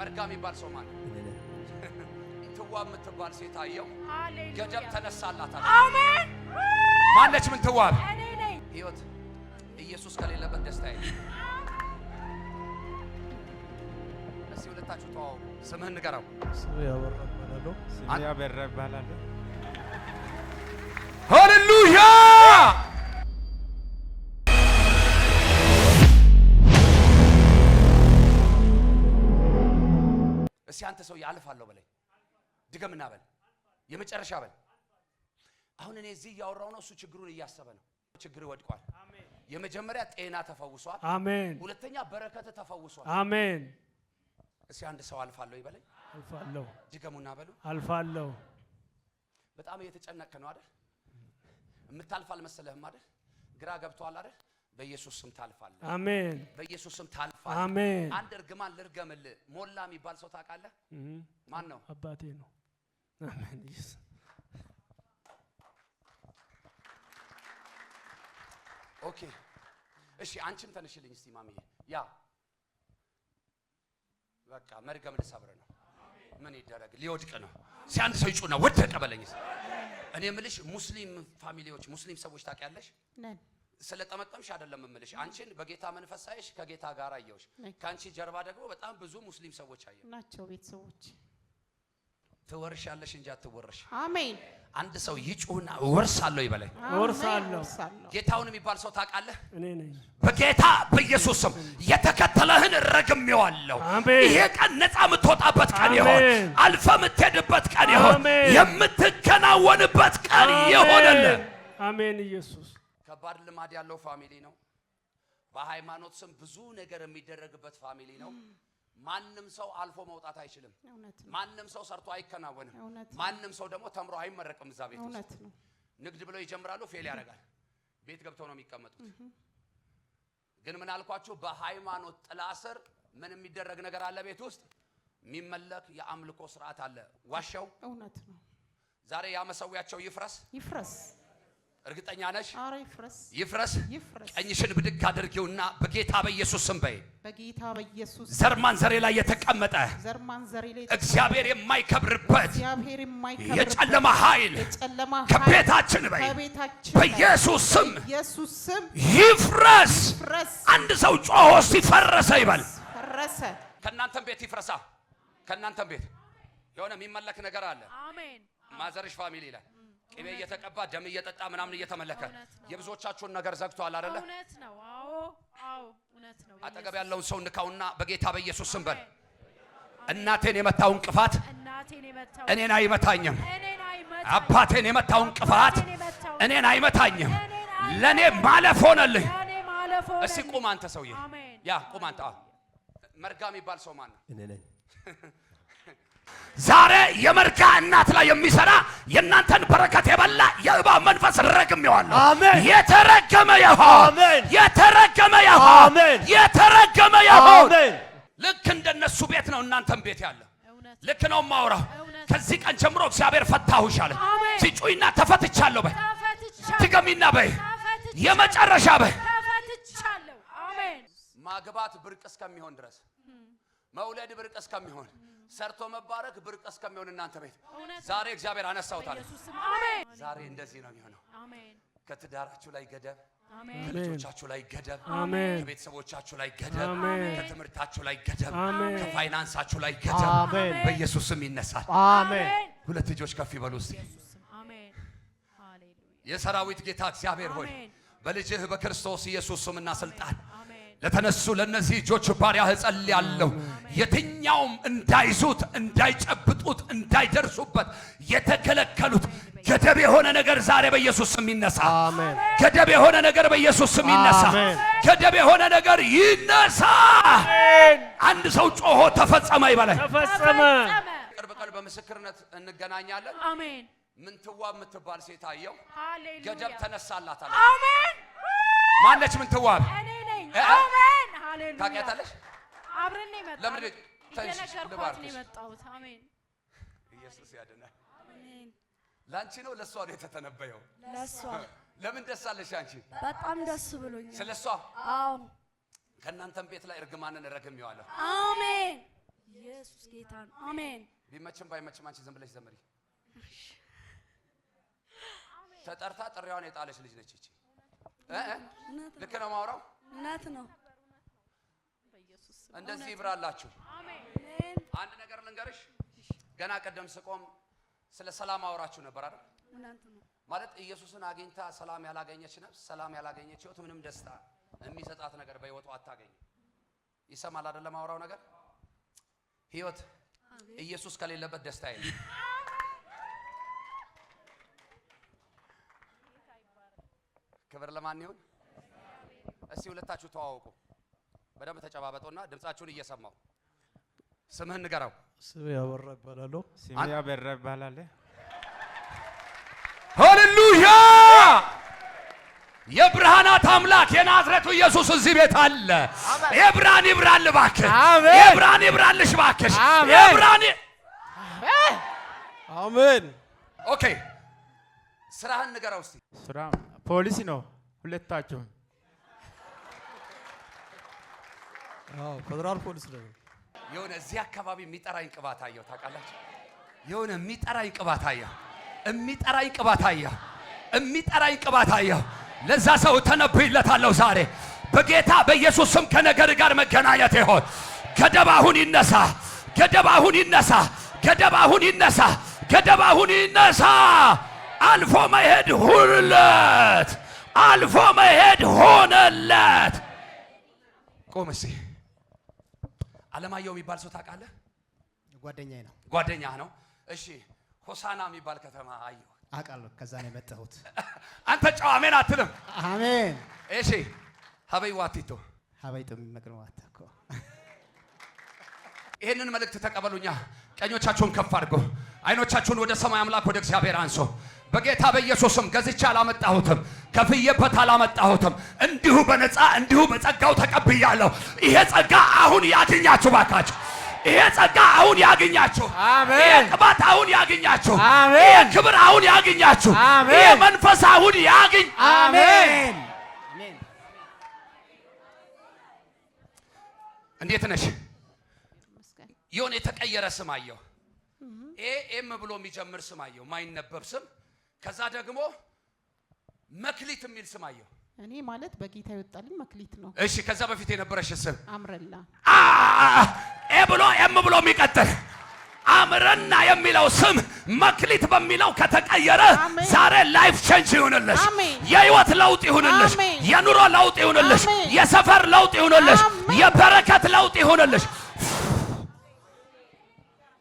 መርጋ የሚባል ሰው ማለት ትዋ የምትባል ሴት አየው። ገደብ ተነሳላት። አሜን። ማነች? ምን ትዋብ ህይወት ኢየሱስ ከሌለበት ደስታ የለም። እስቲ ሁለታችሁ ተዋው። ስምህን ንገረው። ስሜ አበራ እባላለሁ። አንተ ሰውዬ አልፋለሁ በለኝ። ድገምና በል፣ የመጨረሻ በል። አሁን እኔ እዚህ እያወራው ነው፣ እሱ ችግሩን እያሰበ ነው። ችግር ወድቋል። የመጀመሪያ ጤና ተፈውሷል። አሜን። ሁለተኛ በረከት ተፈውሷል። አሜን። እስኪ አንድ ሰው አልፋለሁ ይበለኝ። አልፋለሁ። ድገሙና በሉ፣ አልፋለሁ። በጣም እየተጨነቅክ ነው አይደል? የምታልፍ አልመሰለህም አይደል? ግራ ገብቷል አይደል? በኢየሱስ ስም ታልፋለህ። አሜን። በኢየሱስ ስም ታልፋለህ። አሜን። አንድ እርግማን ልርገምልህ። ሞላ የሚባል ሰው ታውቃለህ? ማን ነው? አባቴ ነው። አሜን። ኦኬ፣ እሺ፣ አንቺም ተነሽልኝ እስቲ ማሚዬ። ያ በቃ መርገም ልሰብር ነው። ምን ይደረግ? ሊወድቅ ነው። ሲያንድ ሰው ይጩና ወደቀ ተቀበለኝ። እኔ ምልሽ ሙስሊም ፋሚሊዎች፣ ሙስሊም ሰዎች ታውቂያለሽ? ስለጠመጠምሽ አይደለም የምልሽ፣ አንቺን በጌታ መንፈስ ሳይሽ ከጌታ ጋር አየሁሽ። ከአንቺ ጀርባ ደግሞ በጣም ብዙ ሙስሊም ሰዎች አየሁ ናቸው ቤተሰቦች። ትወርሻለሽ እንጂ አትወርሽ። አሜን። አንድ ሰው ይጩና ወርሳለሁ ይበለኝ። ወርሳለሁ። ጌታውን የሚባል ሰው ታውቃለህ? በጌታ በኢየሱስ ስም የተከተለህን ረግሜዋለሁ። ይሄ ቀን ነፃ የምትወጣበት ቀን ይሆን፣ አልፈ የምትሄድበት ቀን ይሆን፣ የምትከናወንበት ቀን ይሆንልህ። አሜን ኢየሱስ ከባድ ልማድ ያለው ፋሚሊ ነው። በሃይማኖት ስም ብዙ ነገር የሚደረግበት ፋሚሊ ነው። ማንም ሰው አልፎ መውጣት አይችልም። ማንም ሰው ሰርቶ አይከናወንም። ማንም ሰው ደግሞ ተምሮ አይመረቅም። እዛ ቤት ውስጥ ንግድ ብለው ይጀምራሉ፣ ፌል ያደርጋል። ቤት ገብተው ነው የሚቀመጡት። ግን ምን አልኳችሁ? በሃይማኖት ጥላ ስር ምን የሚደረግ ነገር አለ? ቤት ውስጥ የሚመለክ የአምልኮ ስርዓት አለ። ዋሻው እውነት ነው። ዛሬ ያመሰዊያቸው ይፍረስ ይፍረስ እርግጠኛ ነሽ? ይፍረስ ቀኝሽን ብድግ አድርጊውና በጌታ በኢየሱስ ስም በይ። በጌታ በኢየሱስ ዘር ማንዘሬ ላይ የተቀመጠ እግዚአብሔር የማይከብርበት የጨለማ ኃይል ከቤታችን በይ፣ በኢየሱስ ስም ይፍረስ። አንድ ሰው ጮሆ ሲፈረሰ ይበል። ከእናንተም ቤት ይፍረሳ። ከእናንተም ቤት የሆነ የሚመለክ ነገር አለ። ማዘርሽ ፋሚሊ ይላል። ቅቤ እየተቀባ ደም እየጠጣ ምናምን እየተመለከ የብዙዎቻችሁን ነገር ዘግቷል አይደለ? እውነት ነው። አዎ አዎ፣ እውነት ነው። አጠገብ ያለውን ሰው ንካውና በጌታ በኢየሱስ ስም በል፣ እናቴን የመታው እንቅፋት እኔን አይመታኝም። አባቴን የመታው እንቅፋት እኔን አይመታኝም። ለኔ ማለፍ ሆነልኝ። እስቲ ቁም አንተ ሰውዬ፣ ያ ቁም አንተ። መርጋ የሚባል ሰው ማን ነው? ዛሬ የመርጋ እናት ላይ የሚሰራ የእናንተን በረከት የበላ የእባብ መንፈስ ረግም ይሆን። አሜን። የተረገመ ይሆን። የተረገመ ይሆን። የተረገመ ይሆን። ልክ እንደነሱ ቤት ነው እናንተም ቤት ያለ። ልክ ነው ማውራው። ከዚህ ቀን ጀምሮ እግዚአብሔር ፈታሁሽ አለ። ሲጩይና ተፈትቻለሁ በይ፣ ትገሚና በይ፣ የመጨረሻ በይ። ማግባት ብርቅ እስከሚሆን ድረስ መውለድ ብርቅ እስከሚሆን ሰርቶ መባረክ ብርቅ እስከሚሆን እናንተ ቤት ዛሬ እግዚአብሔር አነሳውታል። ዛሬ እንደዚህ ነው የሚሆነው። ከትዳራችሁ ላይ ገደብ ከልጆቻችሁ ላይ ገደብ፣ ከቤተሰቦቻችሁ ላይ ገደብ፣ ከትምህርታችሁ ላይ ገደብ፣ ከፋይናንሳችሁ ላይ ገደብ በኢየሱስም ስም ይነሳል። ሁለት ልጆች ከፍ ይበሉ የሰራዊት ጌታ እግዚአብሔር ሆይ በልጅህ በክርስቶስ ኢየሱስ ስምና ስልጣን ለተነሱ ለነዚህ እጆች ባሪያ እጸልያለሁ። የትኛውም እንዳይዙት፣ እንዳይጨብጡት፣ እንዳይደርሱበት የተከለከሉት ገደብ የሆነ ነገር ዛሬ በኢየሱስ ስም ይነሳ። ገደብ የሆነ ነገር በኢየሱስ ስም ይነሳ። ገደብ የሆነ ነገር ይነሳ። አንድ ሰው ጮሆ ተፈጸመ ይበላይ። ቅርብ ቀን በምስክርነት እንገናኛለን። አሜን። ምንትዋ የምትባል ሴት አየው ገደብ ተነሳላት አሜን። ማነች? ምን ትዋብ ታውቂያታለሽ? አብረን ነው የመጣሁት። አሜን። ኢየሱስ ያድናል። ለአንቺ ነው ለእሷ ነው የተተነበየው። ለእሷ ለምን ደስ አለሽ አንቺ? በጣም ደስ ብሎኛል ስለ እሷ። አዎ ከእናንተም ቤት ላይ እርግማንን እረግሜዋለሁ። አሜን። ኢየሱስ ጌታ ነው። አሜን። ቢመችም ባይመችም አንቺ ዝም ብለሽ ዘምሪ። ተጠርታ ጥሪዋን የጣለች ልጅ ነች ይቺ ልክ ነው ማውራው እውነት ነው። እንደዚህ ይብራላችሁ። አንድ ነገር ልንገርሽ። ገና ቀደም ስቆም ስለ ሰላም አውራችሁ ነበር አይደል? ማለት ኢየሱስን አግኝታ ሰላም ያላገኘች ነፍስ፣ ሰላም ያላገኘች ህይወት ምንም ደስታ የሚሰጣት ነገር በሕይወቷ አታገኝም። ይሰማል አይደለም? አወራው ነገር ህይወት ኢየሱስ ከሌለበት ደስታ የለም። ክብር ለማን ይሁን? እስቲ ሁለታችሁ ተዋወቁ። በደንብ ተጨባበጡና ድምጻችሁን እየሰማው ስምህን ንገረው። ስሜ አበራ እባላለሁ። ስሜ አበራ እባላለሁ። ሃሌሉያ! የብርሃናት አምላክ የናዝሬቱ ኢየሱስ እዚህ ቤት አለ። የብርሃን ይብራል እባክህ፣ የብርሃን ይብራልሽ እባክሽ። የብርሃን አሜን። ኦኬ፣ ስራህን ንገረው እስቲ ስራ ፖሊስ ነው አዎ ፌደራል ፖሊስ ነው። የሆነ እዚህ አካባቢ የሚጠራኝ ቅባት አየሁ። ታውቃላችሁ? የሆነ የሚጠራኝ ቅባት አየሁ። የሚጠራኝ ቅባት አየሁ። የሚጠራኝ ቅባት አየሁ። ለዛ ሰው ተነብይለታለሁ ዛሬ በጌታ በኢየሱስ ስም ከነገር ጋር መገናኘት ይሆን። ገደብ አሁን ይነሳ። ገደብ አሁን ይነሳ። ገደብ አሁን ይነሳ። ገደብ አሁን ይነሳ። አልፎ መሄድ ሁለት አልፎ መሄድ ሆነለት። ቆም እስኪ። አለማየሁ የሚባል ሰው ታውቃለህ? ጓደኛ ነው። ጓደኛህ ነው? እሺ። ሆሳና የሚባል ከተማ አየሁ። አውቃለሁ። ከዛ ነው የመጣሁት። አንተ ጨው አሜን አትልም? አሜን። እሺ። ሀበይ ዋቲቶ ሀበይ ጥም መቅረዋት እኮ ይህንን መልእክት ተቀበሉኛ። ቀኞቻችሁን ከፍ አድርጎ አይኖቻችሁን ወደ ሰማይ አምላክ ወደ እግዚአብሔር አንሶ በጌታ በኢየሱስም ገዝቼ አላመጣሁትም፣ ከፍዬበት አላመጣሁትም። እንዲሁ በነፃ እንዲሁ በጸጋው ተቀብያለሁ። ይሄ ጸጋ አሁን ያገኛችሁ ባካችሁ። ይሄ ጸጋ አሁን ያገኛችሁ። ይሄ ቅባት አሁን ያገኛችሁ። ይሄ ክብር አሁን ያገኛችሁ። ይሄ መንፈስ አሁን ያገኝ። አሜን። እንዴት ነሽ? የሆነ የተቀየረ ስም አየሁ። ኤ ኤም ብሎ የሚጀምር ስም አየሁ። ማይነበብ ስም ከዛ ደግሞ መክሊት የሚል ስም አየሁ። እኔ ማለት በጌታ የወጣልኝ መክሊት ነው። እሺ፣ ከዛ በፊት የነበረሽ ስም አምረላ ኤ ብሎ ኤም ብሎ የሚቀጥል አምረና የሚለው ስም መክሊት በሚለው ከተቀየረ ዛሬ ላይፍ ቼንጅ ይሁንልሽ፣ የህይወት ለውጥ ይሁንልሽ፣ የኑሮ ለውጥ ይሁንልሽ፣ የሰፈር ለውጥ ይሁንልሽ፣ የበረከት ለውጥ ይሁንልሽ።